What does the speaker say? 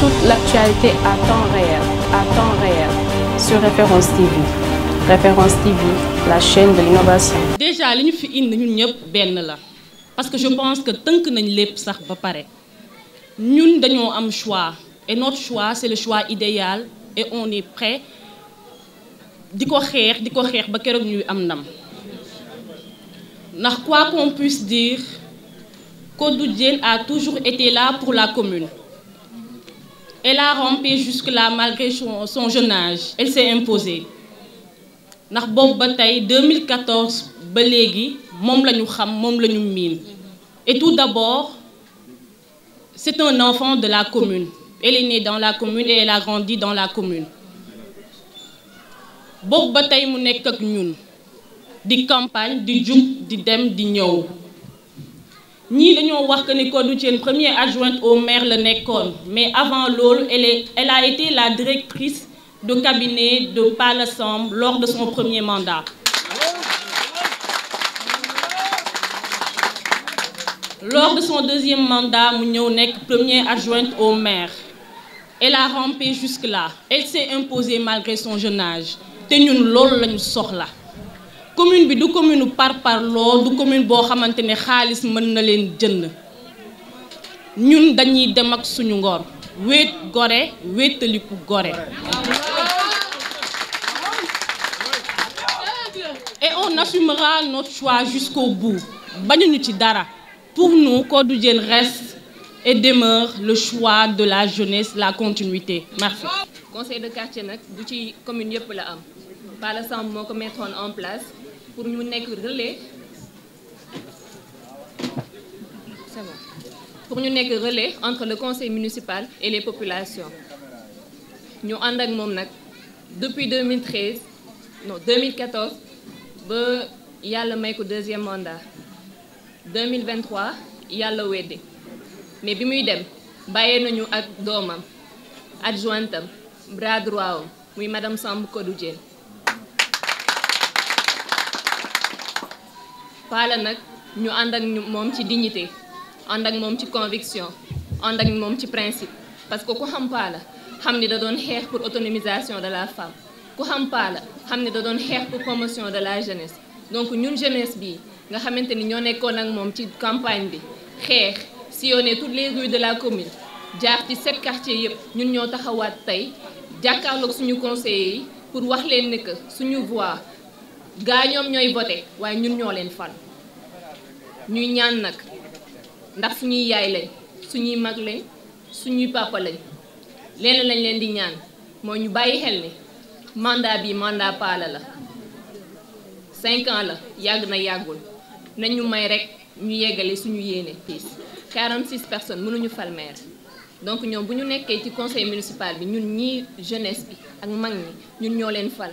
toute l'actualité à temps réel, à temps réel, sur Référence TV. Référence TV, la chaîne de l'innovation. Déjà, nous sommes fi parce que je pense que tant que nous sommes ba nous avons un choix et notre choix c'est le choix idéal et on est prêt à faire à quoi qu'on puisse dire que a toujours été là pour la commune. Elle a rampé jusque-là malgré son, jeune âge. Elle s'est imposée. Dans la bataille, 2014 ba léegi moom et tout d'abord c'est un enfant de la commune elle est née dans la commune et elle a grandi dans la commune Bob ba mu campagne di dem ni l'union wax que ni une première adjointe au maire le l'école, mais avant l'ol elle elle a été la directrice de cabinet de Palla lors de son premier mandat lors de son deuxième mandat mu première adjointe au maire elle a rampé jusque là elle s'est imposée malgré son jeune âge te l'ol nous sort là commune bi du commune par parloo du commune bo xamantene Nous, meun na len jënd ñun dañuy dem ak suñu ngor nous gore wéetaliku goré. et on assumera notre choix jusqu'au bout ñu ci dara pour nous du Diène reste et demeure le choix de la jeunesse la continuité merci conseil de quartier nak du ci commune yépp la am Bala Samb mettre en place pour nous nekk relais pour relais entre le conseil municipal et les populations Nous avons depuis 2013 non 2014 a le may au deuxième mandat 2023 il y mais bi muy dem nous nañu ak bras droit madame Sambou Palla nak ñu and ak mom ci dignité and ak mom ci conviction and ak mom ci principe parce que ku xam Palla xam ni da doon xex pour autonomisation de la femme ku xam Palla xam ni da doon xex pour promotion de la jeunesse donc ñun jeunesse bi nga xamanteni ni ñoo nekkoon ak mom ci campagne bi xex sillonner toutes les rues de la commune jaar ci sept quartiers yëpp ñun ñoo taxawaat tey jàkkaarloog suñu conseillers yi pour wax leen ni que suñu voix. gaa ñoom ñooy voté waaye ñun ñoo leen fal ñuy ñaan nag ndax suñuy yaay lañ suñuy mag lañ suñuy papa lañ leen lañ leen di ñaan mooy ñu bàyyi xel ni mandat bi mandat paala la cinq ans la yàgg na yàggul nañu may rek ñu yeggale suñu yéene piis 46 personnes mënuñu fal maire donc ñoom bu ñu nekkee ci conseil municipal bi ñun ñii jeunesse bi ak mag ñi ñun ñoo leen fal